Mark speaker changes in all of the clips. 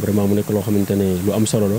Speaker 1: vraiment mu nekk loo xamante ne lu am solo la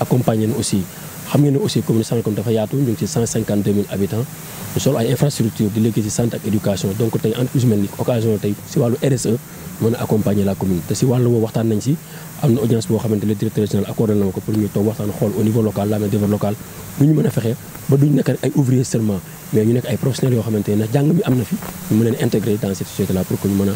Speaker 1: accompagner leen aussi xam ngeen ne aussi commune Sangalkam dafa yaatu ñu ngi ci 152 ñu sol ay infrastructure di liggéey ci santé ak éducation donc tey entreprise mel ni occasion tey si wàllu RSE mën a accompagner la commune te si wàllu waxtaan nañ si am na audience boo xamante le directeur régional accordé na ko pour ñu toog waxtaan xool au niveau local la mais développement local lu ñu mën a fexe ba duñ nekk ay ouvrier seulement mais ñu nekk ay professionnels ne jàng mi am na fi ñu mën leen intégrer dans cette société là pour que ñu mën a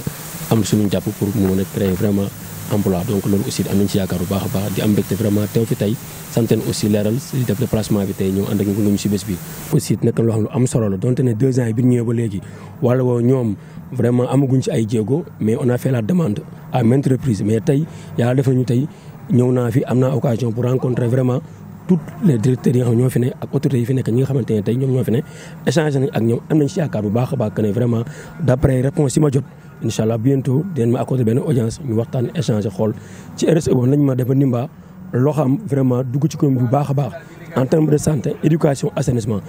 Speaker 1: am suñu jàpp pour mu mën emploi donc loolu aussi am nañu ci yaakaar bu baax a baax di am mbégte vraiment teew fi tey santeen aussi leeral si def déplacement bi tey ñëw ànd ak ñu ngi si bés bi aussi nekk loo xam lu am solo la donte ne deux ans yi bi ñu ñëwee ba léegi wala woo ñoom vraiment amaguñ ci ay jéego mais on a fait la demande à maintes reprises mais tey yàlla def nañu tey ñëw naa fi am naa occasion pour rencontrer vraiment tous les directeurs yi nga xam ñoo fi ne ak autorités yi fi nekk ñi nga xamante ne tey ñoom ñoo fi ne échangé nañ ak ñoom am nañ si yaakaar bu baax a baax que ne vraiment d' après réponse yi ma jot incha allah bientôt dinañ ma accordé benn audience ñu waxtaan échanger xool ci RSE boobu nañ ma dafa Nimba loo xam vraiment dugg ci commune bu baax a baax en terme de santé éducation assainissement.